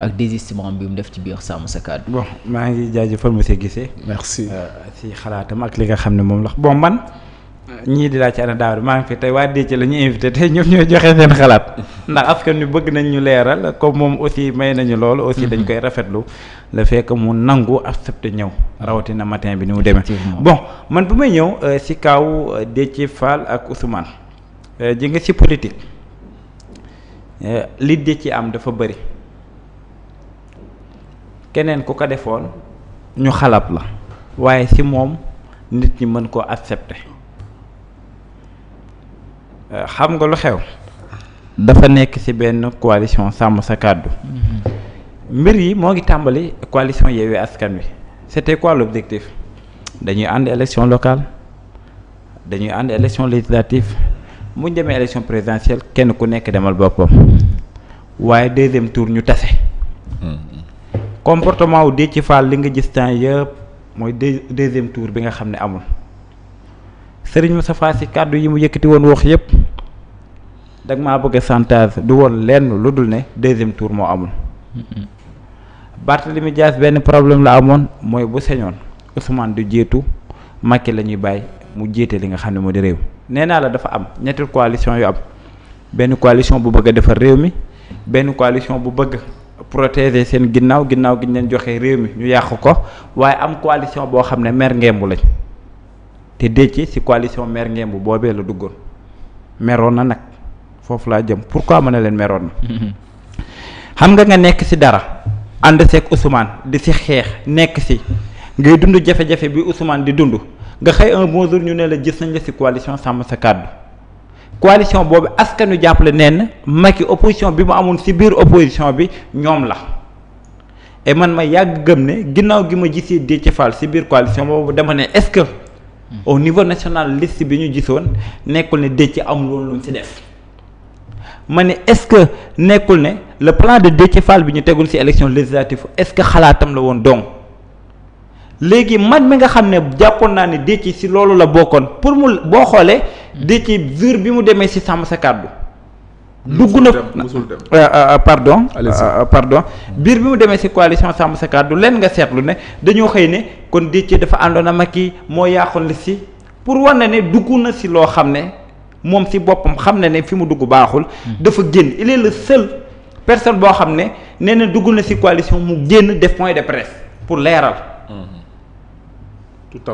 ak désistement bi mu def ci biir sàmm sa kàddu. bon maa ngi jaajëfal monsieur Guissé. merci euh, si xalaatam ak li nga xam ne moom la bon man. ñii di laa ci ana daawar maa ngi fi tey waa Déthié la ñu invité tey ñoom ñooy joxe seen xalaat ndax askan wi bëgg nañ ñu leeral comme moom aussi may nañu loolu. aussi dañ koy rafetlu la fekk mu nangu accepté ñëw rawatina matin bi ni mu demee. bon man bu may ñëw euh, si kaw euh, Déthié Fall ak Ousmane. ji nga si politique li Déthié am dafa bëri. keneen ku ko defoon ñu xalab la waaye ci moom nit ñi mën koo accepter euh, xam nga lu xew dafa nekk ci benn coalition sàmm sa kàddu mm-hmm. mbir yi moo ngi tàmbali coalition Yewwi Askan Wi c'était quoi objectif dañuy ànd élection locale dañuy ànd élection législative mu demee élection présidentielle kenn ku nekk demal boppam mm-hmm. waaye deuxième tour ñu tase mm-hmm. comportement wu ci Fall li nga gis temps yëpp mooy deuxième tour bi nga xam ne amul Serigne Moustapha Sy kàddu yi mu yëkkati woon wax yëpp dag maa bëgg a chantage du woon lenn lu dul ne deuxième tour moo amul Barthélemy Dias benn problème la amoon mooy bu señoon Ousmane du jiitu Macky la ñuy bàyyi mu jiite li nga xam ne moo di réew nee naa la dafa am ñetti coalition yu am benn coalition bu bëgg a defar réew mi benn coalition bu bëgg protéger seen ginnaaw ginnaaw gi ñu leen joxee réew mi ñu yàqu ko waaye am coalition boo xam ne mer ngembu lañ te Déthié ci coalition mer ngembu boobee la duggoon meroon na nag foofu laa jëm pourquoi ma ne leen meroon na. Mm-hmm. xam nga nga nekk ci dara ànd seeg Ousmane di ci xeex nekk ci ngay dund jafe-jafe bi Ousmane di dund nga xëy un bon ñu ne la jis nañ la ci coalition sàmm sa kàddu. coalition boobu askanu jàppale neen Macky opposition bi mu amoon si biir opposition bi ñoom la et man ma yàgg gëm ne ginnaaw gi ma gisee Déthié Fall ci biir coalition boobu dama ne est-ce que hmm. au niveau national liste bi ñu gisoon nekkul ne Déthié amul woon lu mu ci def ma ne est-ce que nekkul ne la plan de Déthié Fall bi ñu tegul ci élection législative est-ce que xalaatam la woon donc léegi man mi nga xam ne jàppoon naa ne décc ci loolu la bokkoon pour mu boo xoolee. Déthié jour bi mu demee si sàmm sa kàddu dugg na euh, euh, euh, pardon pardon biir bi mu demee ci coalition sàmm sa kàddu leen nga seetlu ne dañoo xëy ne kon Déthié dafa àndoon a yi moo yàqoon li si pour na ne dugg na si loo xam ne moom si boppam xam na ne fi mu dugg baaxul hmm. dafa génn il est le personne boo xam ne nee na dugg na si coalition mu génn def point de presse pour leeral hmm.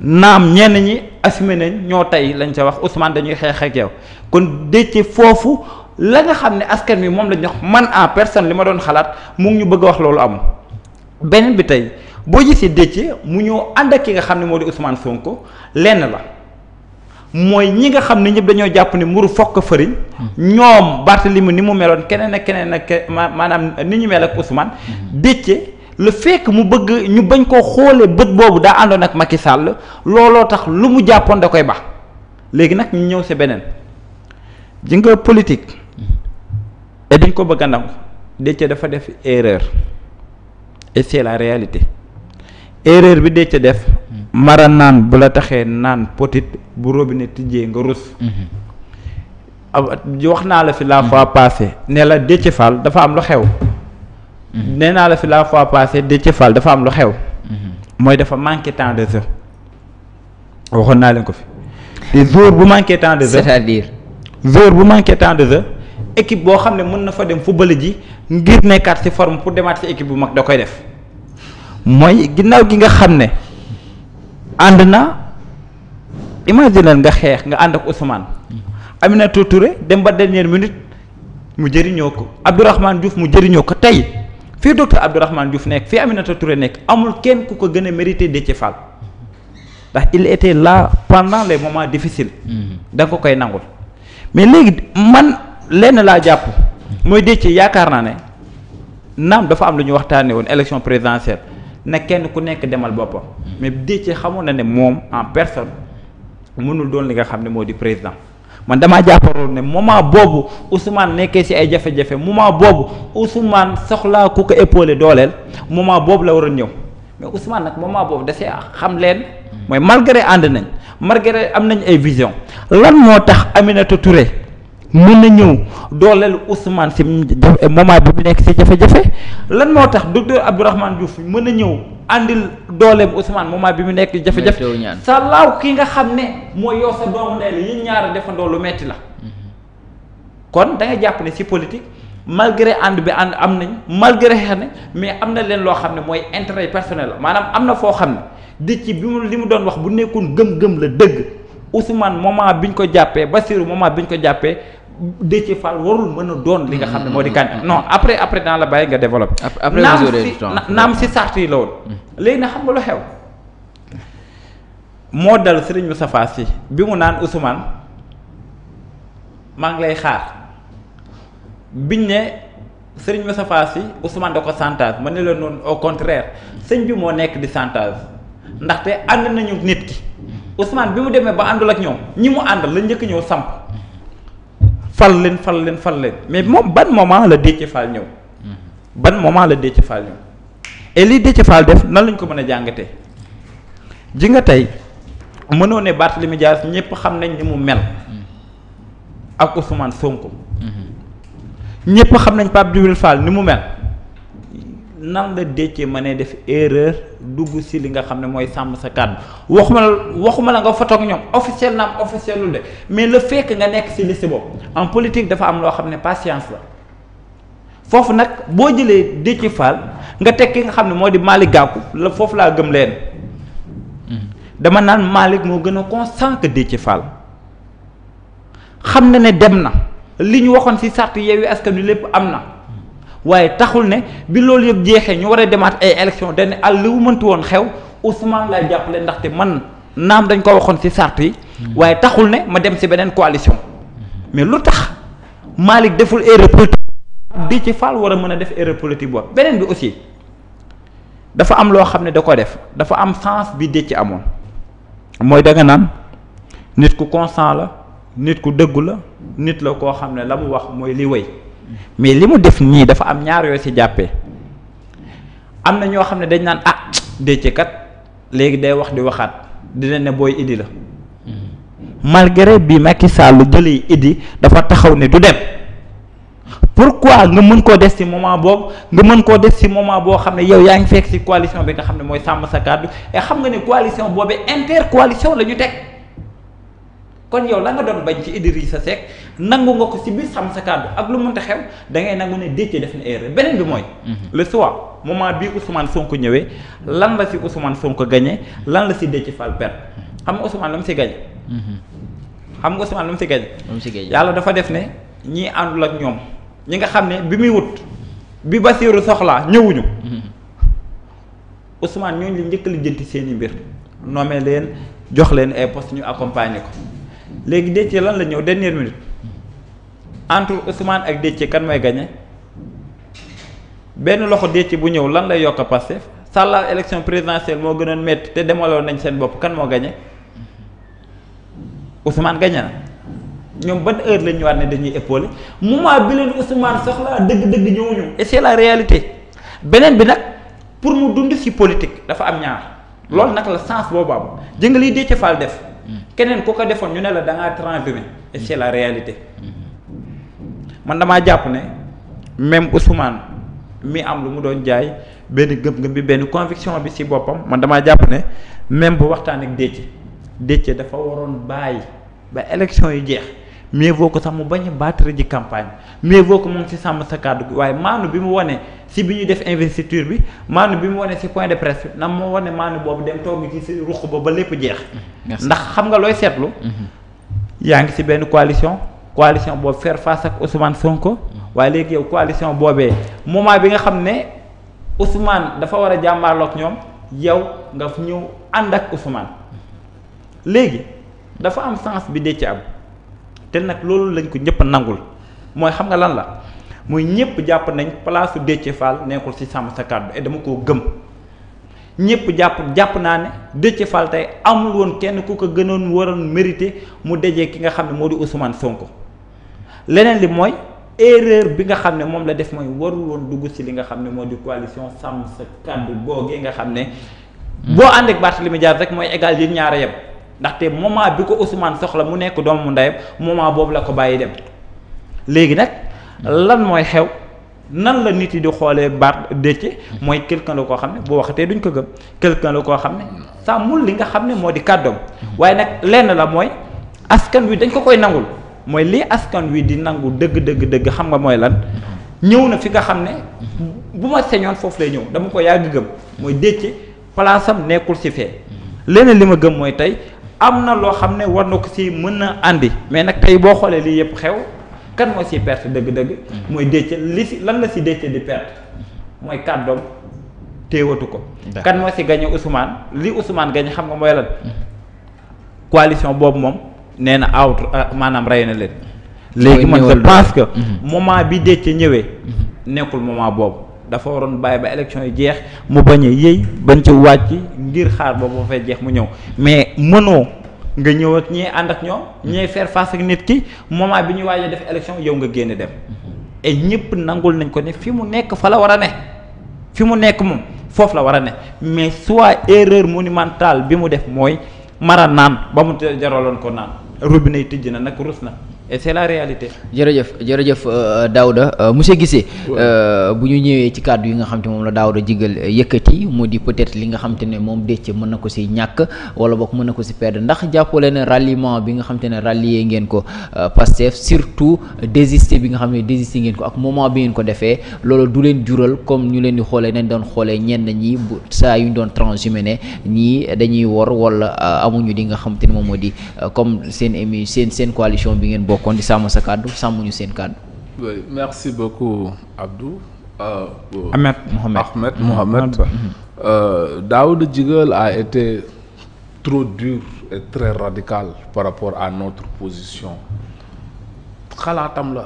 naam ñenn ñi assumé ñoo tey lañ ca wax Ousmane dañuy xeex ak yow kon Déthié foofu la nga xam ne askan wi moom lañu wax man en personne li ma doon xalaat mu ngi ñu bëgg a wax loolu amul beneen bi tey boo gisee Déthié mu ñëw ànd ak ki nga xam ne moo di Ousmane Sonko lenn la mooy ñi nga xam ne ñëpp dañoo jàpp ne mburu fokk fëriñ ñoom Barthélemy ni mu meloon keneen ak keneen ak maanaam ni ñu mel ak Ousmane mm-hmm. Déthié le fekk mu bëgg ñu bañ koo xoole bët boobu daa àndoon nag Macky sàll looloo tax lu mu jàppoon da koy baax léegi nag ñu ñëw si beneen ji nga politique et dañ ko bëgg a nangu Déthié dafa def erreur et c'est la réalité erreur bi Déthié def mara naan bu la taxee naan potit bu robinet tijjee nga rus mm-hmm. wax naa la fi la fois passée ne la Déthié Fall dafa am lu xew Mhm. nee naa la fi la fois de Déthié fal dafa am lu xew. Mhm. mooy dafa manqué temps de jeu. waxoon naa leen ko fi te joueur bu manqué temps de jeu c'est-à-dire. bu manqué temps de jeu équipe boo xam ne mën na fa dem football ji ngir nekkaat ci forme pour demaat ci équipe bu mag da koy def mooy ginnaaw gi nga xam ne ànd na imagine nga xeex nga ànd ak Ousmane mhm. Aminata Touré dem ba dernière minute mu jëriñoo ko Abdourahmane Diouf mu jëriñoo ko tey. fii docteur Abdourahmane Diouf nekk fii Aminata Touré nekk amul kenn ku ko gën a mérité Déthié Fall ndax il était la pendant les moments difficiles mm-hmm. da koy nangul mais léegi man lenn laa jàpp mooy Déthié yaakaar naa ne naam dafa am lu ñu waxtaanee woon élection présidentielle na kenn ku nekk demal boppam mm-hmm. mais Déthié xamoon na ne moom en personne mënul doon li nga xam ne moo di président man damaa jàpparoon ne moment boobu Ousmane nekkee ci ay jafe-jafe moment boobu Ousmane soxlaa ku ko épaulé dooleel moment boobu la waroon ñëw mais Ousmane nag moment boobu da see xam leen mooy malgré ànd nañ malgré am nañ ay vision lan moo tax Aminata Touré. mën na ñëw dooleel Ousmane si moment bi mu nekk si jafe-jafe lan moo tax docteur Abdourahmane Diouf mën na ñëw àndil dooleem Ousmane moment bi mu nekk jafe-jafe sa laaw ki nga xam ne mooy yow sa doomu ndey la yéen ñaar defandoo lu metti la mm-hmm. kon da jàpp ne si politique malgré ànd bi ànd am nañ malgré xeex ne mais am na leen loo xam ne mooy intérêt personnel la maanaam am na foo xam ne di ci bi mu li mu doon wax bu nekkoon gëm-gëm la dëgg Ousmane moment bi ñu ko jàppee Bassirou moment bi ñu ko jàppee ci Fall warul mën a doon li nga xam ne moo di gàncax mm-hmm. mm-hmm. non après après dans la bàyyi nga développé. après naam si naam si sart yi la woon. Mm-hmm. léegi na xam nga lu xew. moo dal Serigne Moustapha Sy bi mu naan Ousmane maa ngi lay xaar biñ ne Serigne Moustapha Sy Ousmane da ko chantage ma ne la noonu au contraire sëñ bi moo nekk di chantage ndaxte ànd nañu nit ki. Ousmane bi mu demee ba àndul ak ñoom ñi mu àndal la njëkk ñëw samp fal leen fal leen fal leen mais moom ban moment la Déthié Fall ñëw mm-hmm. ban moment la Déthié Fall ñëw et li Déthié def nan lañ ko mën a jàngatee ji nga tey mënoo ne Barthélémy Dias ñëpp xam nañ ni mu mel ak Ousmane Sonko mm-hmm. mm-hmm. ñëpp xam nañ Pape Djibril Fall ni mu mel nan la ma ne def erreur dugg si li nga xam ne mooy sàmm sa kàddu waxuma la waxuma la nga foto ak ñoom officiel na am officiel lu de mais la fekk que nga nekk si liste boobu en politique dafa am loo xam ne patience la foofu nag boo jëlee Déthié Fall nga teg ki nga xam ne moo di Malick Gakou la foofu laa gëm leen dama naan malik moo gën a constant que Déthié Fall xam na ne dem na li ñu waxoon si sart Yewwi Askan Wi lépp am na. waaye taxul ne bi loolu yëpp jeexee ñu war a demaat ay élection dañ ne àll wu mënti woon xew Ousmane laa jàppale ndaxte man naam dañ ko waxoon ci sart yi hmm. waaye taxul ne ma dem ci beneen coalition mais lu tax Malick deful erreur politique di ci Fall war a mën a def erreur politique boobu beneen bi aussi dafa am loo xam ne da ko def dafa am sens bi di ci amoon mooy danga naan nit ku constant la nit ku dëggu la nit la koo xam ne la mu wax mooy li wéy mais li mu def nii dafa am ñaar yoo si jàppe am na ñoo xam ne dañ naan ah Déthié kat léegi day wax di waxaat dina ne booy Idi la mm-hmm. malgré bi Macky lu jëlee Idi dafa taxaw ne du dem pourquoi nga mën koo des ci moment boobu nga mën koo des ci moment boo xam ne yow yaa ngi fekk ci coalition bi nga xam ne mooy sàmm sa kàddu et xam nga ne coalition boobu intercoalition la ñu teg. kon yow la nga doon bañ ci Idrissa Seck nangu nga ko si biir sàmm sa kàddu ak lu mënta xew da ngay nangu ne Déthié def na erreur beneen bi mooy. Mhm. le soir moment bii Ousmane Sonko ñëwee lan la si Ousmane Sonko gagné lan la si Déthié Fall perte xam nga Ousmane la mu si gagné. Mhm. xam nga Ousmane la mu si gagné. yàlla dafa def ne ñii àndul ak ñoom ñi nga xam ne bi muy wut bi Basiirou soxlaa ñëwuñu. Mhm. Ousmane ñooñu la njëkk a lijjanti seen i mbir nommé leen jox leen ay poste ñu accompagner ko. léegi Déthié lan la ñëw dernière minute entre Ousmane ak Déthié kan mooy gagné benn loxo Déthié bu ñëw lan lay yokk a Pastef sàllaar élection présidentielle moo gënoon metti te demaloon nañ seen bopp kan moo gagné Ousmane gagné na ñoom ban heure la ñu ñëwaat ne dañuy épaulé moment bi leen Ousmane soxlaa dëgg-dëgg ñëwuñu et c'est la réalité beneen bi nag pour mu dund ci politique dafa am ñaar loolu nag la sens boobu am jënga liy Déthié Fall def keneen ku ko defoon ñu ne la da ngaa transhumé et c'est la réalité man damaa jàpp ne même Ousmane mi am lu mu doon jaay benn gëm-gëm bi benn conviction bi ci boppam man damaa jàpp ne même bu waxtaan ak Déthié Déthié dafa waroon bàyyi ba élection yu jeex. mais vaut ko sax mu bañ a battre ji campagne mais vaut ko mu si sàmm sa kàddu waaye maanu bi mu wane si bi ñuy def investiture bi maanu bi mu wane si point de presse na mu wane maanu boobu dem toog ci si ruq ba ba lépp jeex. ndax xam nga looy seetlu. Mm-hmm. yaa ngi si benn coalition. coalition boobu faire face ak Ousmane Sonko. Mm-hmm. waaye léegi yow coalition boobee moment bi nga xam ne Ousmane dafa war a jàmmaarloog ñoom yow nga ñëw ànd ak Ousmane mm-hmm. léegi dafa am sens bi dee ci am. te nag loolu lañ ko ñëpp nangul mooy xam nga lan la muy ñëpp jàpp nañ place Déthié Fall nekkul ci sàmm sa kàddu et dama koo gëm ñëpp jàpp jàpp naa ne Déthié Fall tey amul woon kenn ku ko gënoon waroon mérité mu dajee ki nga xam ne moo di Ousmane Sonko leneen li mooy erreur bi nga xam ne moom la def mooy warul woon dugg ci li nga xam ne moo di coalition sàmm sa kàddu googee nga xam ne. boo ànd ak Barthélémy Dias rek mooy égal yi ñaara yem. ndaxte moment bi ko Ousmane soxla mu nekk doomu ndeyam moment boobu la ko bàyyi dem léegi nag lan mooy xew nan la nit yi di xoolee baat Déthié mooy quelqu'un la koo xam ne boo waxatee duñ ko gëm quelqu'un la koo xam ne sàmmul li nga xam ne moo di kàddoom waaye nag lenn la mooy askan wi dañ ko koy nangul mooy lii askan wi di nangu dëgg dëgg dëgg xam nga mooy lan ñëw na fi nga xam ne bu ma señoon foofu lay ñëw dama ko yàgg gëm mooy Déthié palaasam nekkul si fe leneen li ma gëm mooy tey am na loo xam ne war na ko si mën na àndi mais nag tey boo xoolee lii yëpp xew kan moo si perte dëgg-dëgg. Mm. mooy Déthié li si lan la si Déthié di perte mooy kàddoom téewatu ko. kan moo si gañe Ousmane li Ousmane gañe xam nga mooy lan. Mm. coalition boobu moom nee na out ah, maanaam rey na leen. léegi man je pense que mm-hmm. moment bi Déthié ñëwee mm-hmm. nekkul moment boobu dafa waroon bàyyi ba élection yi jeex mu bañ a yëy bañ ci wàcc ngir xaar boobu ba fay jeex mu ñëw mais mënoo nga ñëwat ak ñee ànd ak ñoom ñee faire face ak nit ki moment bi ñu waajee def élection yow nga génn dem et ñëpp nangul nañ ko ne fi mu nekk fa la war a ne fi mu nekk moom foofu la war a ne mais soit erreur monumentale bi mu def mooy mara naan ba mu jaraloon ko naan robine yi tijji na nag rus na et c'est la réalité. jërëjëf jërëjëf euh, Daouda euh, monsieur Guissé euh, bu ñu ñëwee ci kàddu yi nga xam te moom la Daouda jigal yëkkati moo di peut-être li nga xam ne moom Déthié mën na ko si ñàkk wala boog mën na ko si perdre ndax jàppale ne ralliement bi nga xam ne rallier ngeen ko Pastef surtout désister bi nga xam ne désister ngeen ko ak moment bi ngeen ko defee loolu du leen jural comme ñu leen di xoolee nañ doon xoolee ñeen ñi bu saa yu ñu doon transhumé ne ñii dañuy wor wala amuñu di nga xam ne moom moo di comme seen émi seen seen bi ngeen bokk bokkoon di sàmm sa kàddu sàmmuñu seen merci beaucoup Abdou. Euh, Ahmed Mohamed Ahmed Mohamed. Mhm. Euh, par rapport à notre position. xalaatam la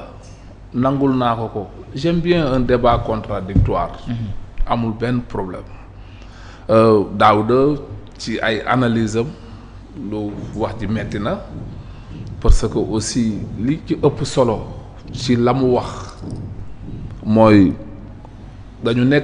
nangul naa ko ko j'aime bien un débat contradictoire mhm. amul benn problème euh, Daouda ci ay analyse lu wax ji metti na parce que aussi li ci ëpp solo ci la mu wax mooy dañu nekk